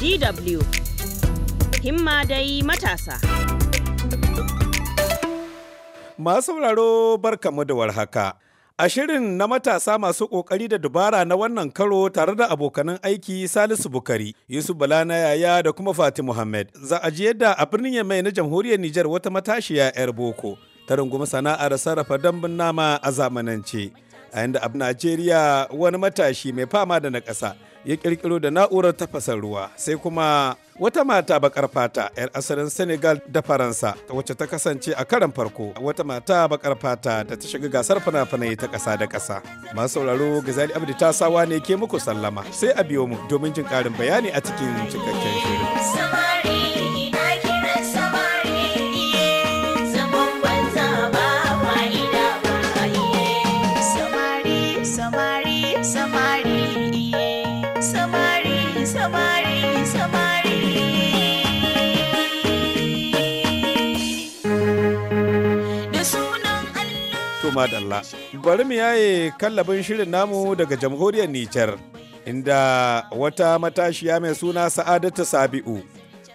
DW himma dai matasa. Masu sauraro kamu da warhaka. A shirin na matasa masu ƙoƙari da dubara na wannan karo tare da abokanan aiki Salisu Bukari, Yusuf Bala na yaya da kuma Fati Muhammad. Za a ji yadda a birnin Yamai na jamhuriyar Nijar wata matashiya 'yar boko ta rungumi sana'ar sarrafa dambun nama a zamanance. A yanda a Najeriya wani matashi mai fama da na ƙasa ya kirkiro da na'urar tafasa ruwa sai kuma wata mata bakar fata 'yar asalin senegal da faransa wacce ta kasance a karan farko wata mata bakar fata da ta shiga gasar fina-finai ta ƙasa da ƙasa masu sauraro zali abdi ta sawa ne ke muku sallama sai a biyo mu domin jin ƙarin bayani a cikin cikakken shirin to dalla. Bari mu yaye kallabin shirin namu daga jamhuriyar Nijar, inda wata matashiya mai suna Sa'adatu Sabi'u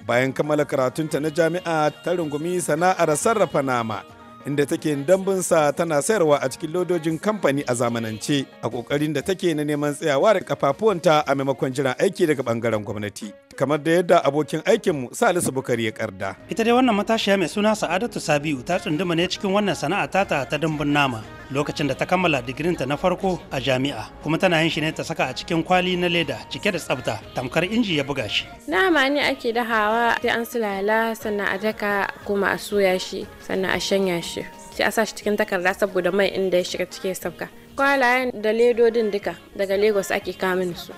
bayan kammala karatunta na jami'a ta rungumi sana'ar sarrafa nama inda take sa tana sayarwa a cikin lodojin kamfani a zamanance a kokarin da take na neman tsayawa da kafafuwanta a maimakon jiran aiki daga bangaren gwamnati kamar da yadda abokin aikinmu salisu bukari ya karda ita dai wannan matashiya mai suna sa'adatu sabiu ta tsunduma ne cikin wannan sana'a ta ta dambun nama lokacin da ta kammala digirinta na farko a jami'a kuma tana yin shi ne ta saka a cikin kwali na leda cike da tsafta tamkar inji ya buga shi nama ne ake da hawa sai an sulala sannan a daka kuma a soya shi sannan a shanya shi sai a sa shi cikin takarda saboda mai inda ya shiga cikin sabka kwalayen da ledodin duka daga lagos ake kamin su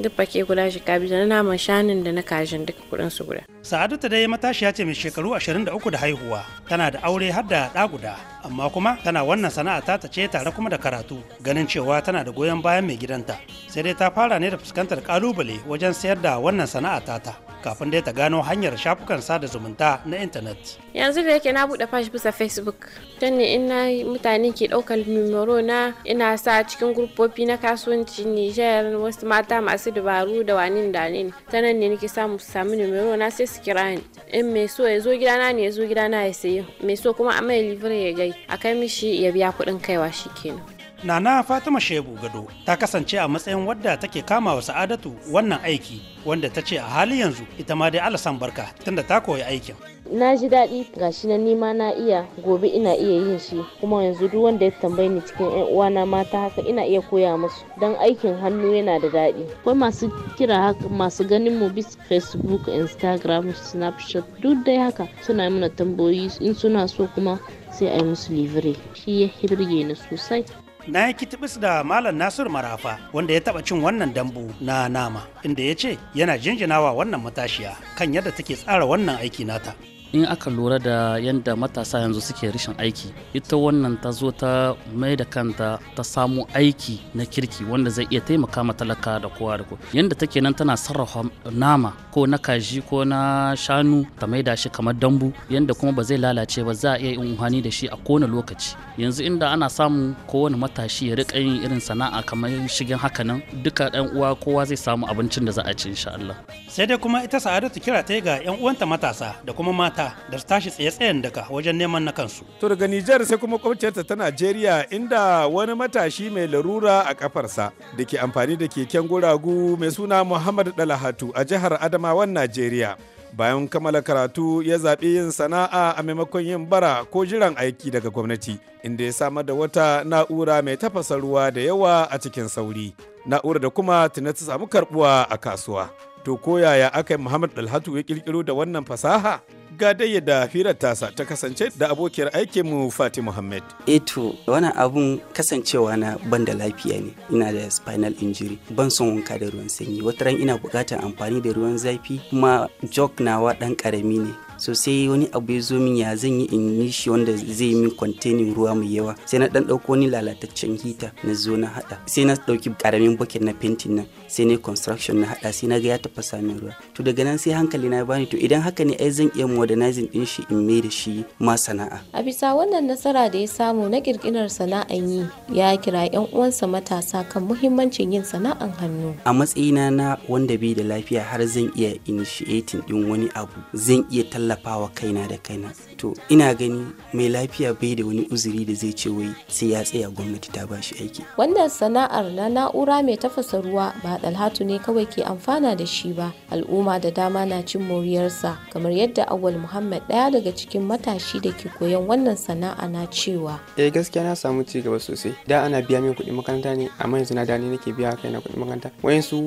duk fake guda shika biyu na naman shanun da na kajin duka kudin su guda. ta dai matashiya ce mai shekaru 23 da haihuwa tana da aure har da ɗa guda amma kuma tana wannan sana'a ta ta ce tare kuma da karatu ganin cewa tana da goyon bayan mai gidanta sai dai ta fara ne da fuskantar kalubale wajen sayar da wannan sana'a ta ta. kafin dai ta gano hanyar shafukan sada zumunta na intanet. Yanzu da yake na buɗe fash bisa Facebook, can ne ina mutane ke ɗaukar numero na ina sa cikin gurfofi na kasuwanci Nijar wasu mata masu dabaru da wani da ne. Ta nan ne nake samu su samu numero na sai su kira ni. In mai so ya zo gidana ne ya zo gidana ya sayi. Mai so kuma a mai livre ya gai. A kai mishi ya biya kuɗin kaiwa shi kenan. Nana Fatima shebu Gado ta kasance a matsayin wadda take kama wa Sa'adatu wannan aiki wanda ta ce a hali yanzu ita ma dai alasan barka tunda ta koyi aikin. Na ji daɗi gashi na nima na iya gobe ina iya yin shi kuma yanzu duk wanda ya tambaye ni cikin ƴan uwana mata haka ina iya koya musu dan aikin hannu yana da daɗi. Akwai masu kira haka masu ganin mu bis Facebook, Instagram, Snapchat duk dai haka suna mana tambayoyi in suna so kuma sai a yi musu livire shi ya hirge ni sosai. na yi kitibis da malam Nasiru marafa wanda ya taba cin wannan dambu na nama inda ya ce yana jinjinawa wannan matashiya kan yadda take tsara wannan aiki nata in aka lura da yadda matasa yanzu suke rashin aiki ita wannan ta zo ta mai da kanta ta samu aiki na kirki wanda zai iya taimaka matalaka talaka da kowa da kowa yadda take nan tana sarrafa nama ko na kaji ko na shanu ta mai da shi kamar dambu yadda kuma ba zai lalace ba za a iya yin amfani da shi a kowane lokaci yanzu inda ana samu kowane matashi ya riƙa yin irin sana'a kamar shigen haka nan duka ɗan uwa kowa zai samu abincin da za a ci insha Allah sai dai kuma ita sa'adatu kira ta ga yan uwanta matasa da kuma mata daka da su tashi tsaye-tsayen daga wajen neman na kansu. To daga Nijar sai kuma kwamciyarta ta Najeriya inda wani matashi mai larura a kafarsa da ke amfani da keken guragu mai suna Muhammad Dalahatu a jihar Adamawan Najeriya. Bayan kammala karatu ya zaɓi yin sana'a a maimakon yin bara ko jiran aiki daga gwamnati inda ya samar da wata na'ura mai tafasa ruwa da yawa a cikin sauri. Na'ura da kuma tuna ta samu karbuwa a kasuwa. To koyaya aka yi Muhammad Dalhatu ya ƙirƙiro da wannan fasaha? ga dai da hirar tasa ta kasance da abokiyar aikinmu Fati Muhammad. Eto, eh wani abun kasancewa na ban da lafiya ne, ina da spinal injury, ban son wanka da ruwan sanyi, wataran ina buƙatar amfani da ruwan zafi kuma jog nawa dan karami ne, so sai wani abu ya zo min ya zan yi in yi shi wanda zai yi min containing ruwa mai yawa sai na dan dauko wani lalataccen hita na zo na hada sai na dauki karamin bucket na painting nan sai na construction na hada sai na ga ya tafasa min ruwa to daga nan sai hankali na bani to idan haka ne ai zan iya modernizing din shi in mai da shi ma sana'a a bisa wannan nasara da ya samu na kirkirar sana'an yi ya kira yan uwansa matasa kan muhimmancin yin sana'an hannu a matsayina na wanda bai da lafiya har zan iya initiating din wani abu zan iya tallafa. tallafawa kaina da kaina to ina gani mai lafiya bai da wani uzuri da zai ce wai sai ya tsaya gwamnati ta ba shi aiki wannan sana'ar na na'ura mai tafasa ruwa ba dalhatu ne kawai ke amfana da shi ba al'umma da dama na cin moriyarsa kamar yadda awal muhammad daya daga cikin matashi da ke koyon wannan sana'a na cewa eh gaskiya na samu ci gaba sosai da ana biya min kuɗin makaranta ne amma yanzu na dani nake biya kaina kuɗin makaranta wayansu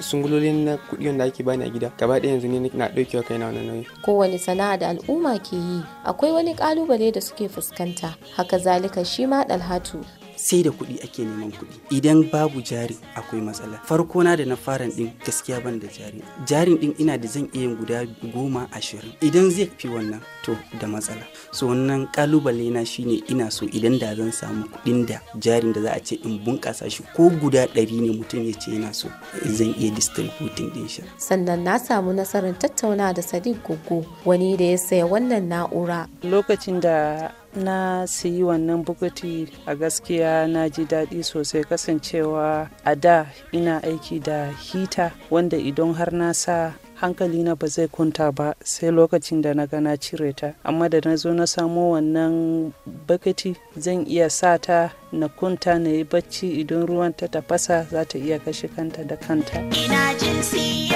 sungulolin na kuɗi wanda ake bani a gida gaba ɗaya yanzu ne na ɗaukewa kaina wannan nauyi kowane sana'a da al'umma ke yi akwai wani kalubale da suke fuskanta haka zalika shi ma dalhatu sai da kuɗi ake neman kuɗi idan babu jari akwai matsala farko na da na fara din gaskiya ban da jari jarin din ina da zan iya guda goma ashirin idan zai fi wannan to da matsala so wannan kalubale na shine ina so idan da zan samu kuɗin da jarin da za a ce in bunƙasa shi ko guda ɗari ne mutum ya ce yana so zan iya distributing din shi sannan na samu nasarar tattauna da sadiq gogo wani da ya saya wannan na'ura lokacin da na siyi wannan bukati a gaskiya na ji daɗi sosai kasancewa a da ina aiki da hita wanda idan har na sa hankali na ba zai kunta ba sai lokacin da na ga na cire ta amma da na zo na samo wannan bakati zan iya sa ta na kunta na yi bacci idan ruwan ta tafasa za ta iya kashe kanta da kanta ina jinsi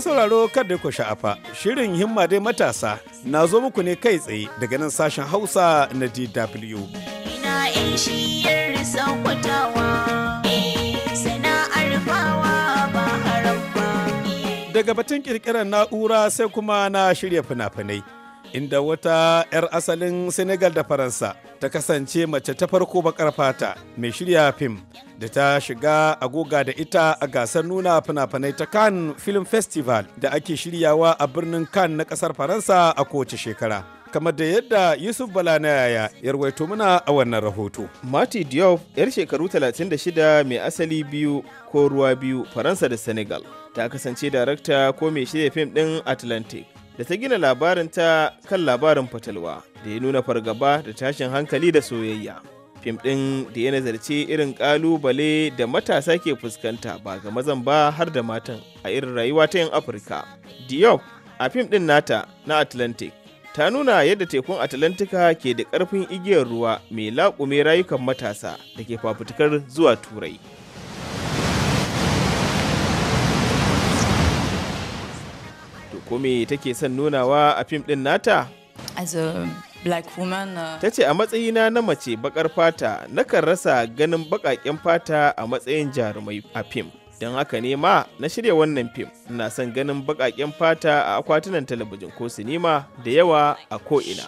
Masu sauraro kada ku sha'afa shirin himma dai matasa na zo muku ne kai tsaye daga nan sashen Hausa na DW. Eh, daga batun kirkirar na'ura sai kuma na shirya fina-finai. inda wata 'yar asalin senegal da faransa ta kasance mace ta farko bakar fata mai shirya fim da ta shiga agoga da ita a gasar nuna fina-finai ta cannes film festival da ake shiryawa a birnin cannes na kasar faransa a kowace shekara kamar da yadda yusuf bala na yaya ya rawaito muna a wannan rahoto mati diop yar shekaru 36 mai asali biyu ko ruwa biyu faransa da senegal ta kasance darakta ko mai shirya fim din atlantic da ta gina labarin ta kan labarin fatalwa da ya nuna fargaba da tashin hankali da soyayya. Fim ɗin da ya nazarci irin ƙalubale da matasa ke fuskanta ba ga mazan ba har da matan a irin rayuwa ta yin Afirka. Diop a fim ɗin nata na Atlantic ta nuna yadda tekun Atlantika ke da ƙarfin igiyar ruwa mai laƙume rayukan matasa da ke fafutukar zuwa Turai. ko me take son nunawa a fim din nata? As a black woman. Uh... Ta ce a matsayina na mace bakar fata nakan rasa ganin bakaken fata a matsayin jarumai a fim. Don haka ne ma na shirya wannan fim ina son ganin bakaken fata a akwatunan talabijin ko sinima da yawa a ko'ina.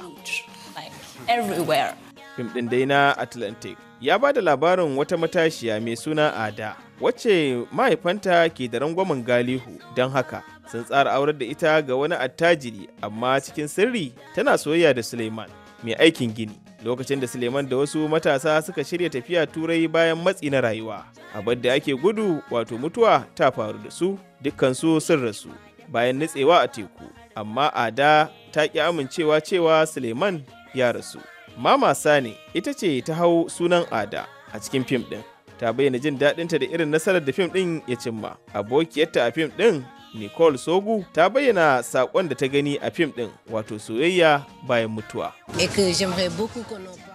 Fim din dai na Atlantic ya ba da labarin wata matashiya mai suna Ada, wacce mahaifanta ke da rangwamen galihu don haka sun tsara aurar da ita ga wani attajiri amma cikin sirri tana soyayya da Suleiman mai aikin gini. Lokacin da Suleiman da wasu matasa suka shirya tafiya turai bayan matsi na rayuwa, abar da ake gudu wato mutuwa ta faru da su dukkansu sun rasu bayan nutsewa a teku, amma Ada ta ƙi amincewa cewa Suleiman ya rasu. Mama Sani ita ce ta hau sunan Ada a cikin fim ɗin. Ta bayyana jin daɗinta da irin nasarar da fim ɗin ya cimma. Abokiyarta a fim ɗin Nicole Sogu ta bayyana saƙon da ta gani a fim ɗin wato soyayya bayan mutuwa.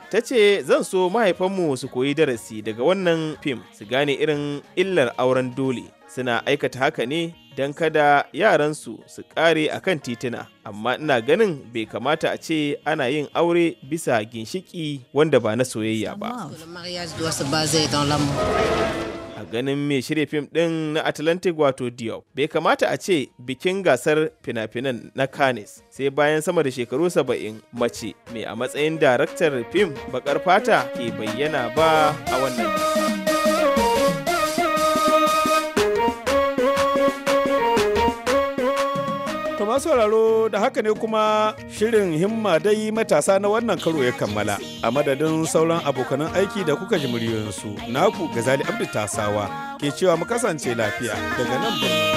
Ta ce zan so mahaifanmu su koyi darasi daga wannan fim su gane irin illar auren dole suna aikata haka ne don kada yaransu su ƙare a kan titina amma ina ganin bai kamata a ce ana yin aure bisa ginshiki wanda ba na soyayya ba a ganin mai shirya fim ɗin na atlantic wato diop bai kamata a ce bikin gasar fina-finan na canis sai bayan sama da shekaru saba'in mace mai a matsayin daraktar fim bakar fata ke bayyana ba a wannan To sauraro da haka ne kuma shirin himma dai matasa na wannan karo ya kammala a madadin sauran abokanan aiki da kuka ji muryoyinsu naku gazali abdu tasawa ke cewa mu kasance lafiya daga nan birnin